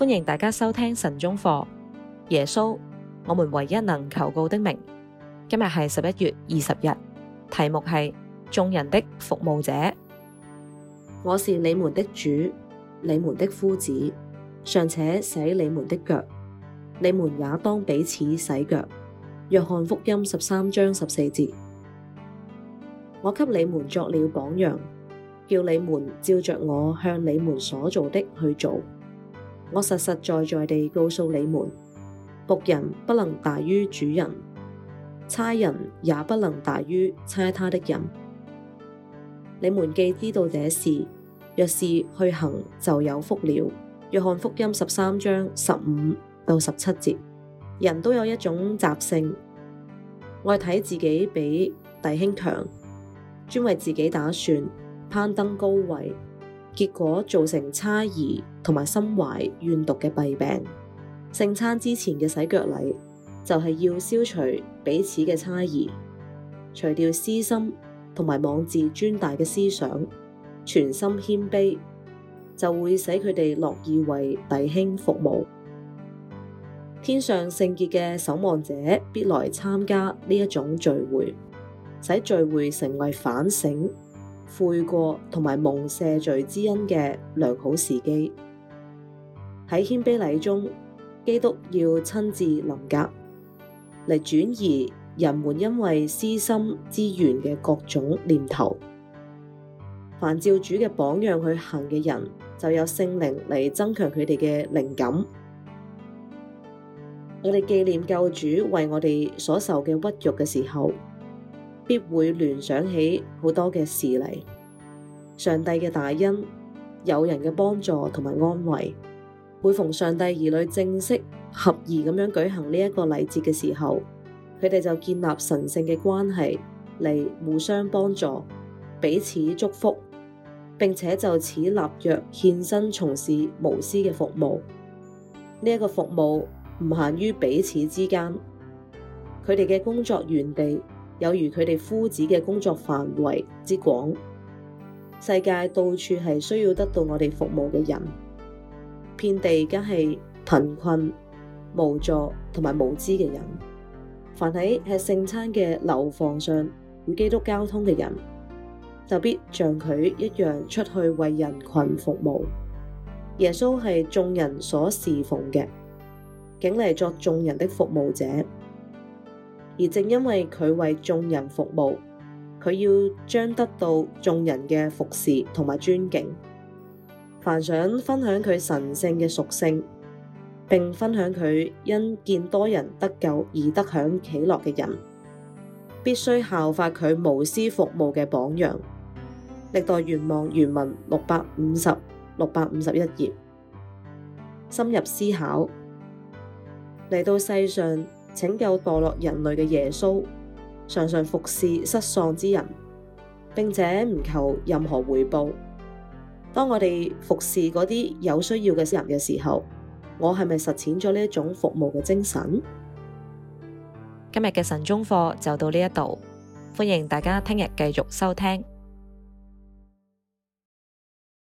歡迎大家收聽神中課。耶穌，我們唯一能求告的名。今日係十一月二十日，題目係眾人的服務者。我是你們的主，你們的夫子，尚且洗你們的腳，你們也當彼此洗腳。約翰福音十三章十四節。我給你們作了榜樣，叫你們照着我向你們所做的去做。我實實在在地告訴你們，僕人不能大於主人，差人也不能大於差他的人。你們既知道這事，若是去行，就有福了。約翰福音十三章十五到十七節，人都有一種習性，愛睇自己比弟兄強，專為自己打算，攀登高位。結果造成差異同埋心懷怨毒嘅弊病。聖餐之前嘅洗腳禮就係要消除彼此嘅差異，除掉私心同埋妄自尊大嘅思想，全心謙卑，就會使佢哋樂意為弟兄服務。天上聖潔嘅守望者必來參加呢一種聚會，使聚會成為反省，悔過同埋蒙赦罪之恩嘅良好時機，喺謙卑禮中，基督要親自臨格嚟轉移人們因為私心之源嘅各種念頭。凡照主嘅榜樣去行嘅人，就有聖靈嚟增強佢哋嘅靈感。我哋紀念救主為我哋所受嘅屈辱嘅時候。必會聯想起好多嘅事嚟。上帝嘅大恩，友人嘅幫助同埋安慰。每逢上帝兒女正式合宜咁樣舉行呢一個禮節嘅時候，佢哋就建立神聖嘅關係嚟互相幫助，彼此祝福，並且就此立約獻身從事無私嘅服務。呢、這、一個服務唔限於彼此之間，佢哋嘅工作原地。有如佢哋夫子嘅工作範圍之廣，世界到處係需要得到我哋服務嘅人，遍地皆係貧困、無助同埋無知嘅人。凡喺吃聖餐嘅樓房上與基督交通嘅人，就必像佢一樣出去為人群服務。耶穌係眾人所侍奉嘅，竟嚟作眾人的服務者。而正因為佢為眾人服務，佢要將得到眾人嘅服侍同埋尊敬。凡想分享佢神聖嘅屬性，並分享佢因見多人得救而得享喜樂嘅人，必須效法佢無私服務嘅榜樣。歷代願望原文六百五十六百五十一頁，深入思考，嚟到世上，拯救墮落人類嘅耶穌，常常服侍失喪之人，並且唔求任何回報。當我哋服侍嗰啲有需要嘅人嘅時候，我係咪實踐咗呢一種服務嘅精神？今日嘅神中課就到呢一度，歡迎大家聽日繼續收聽。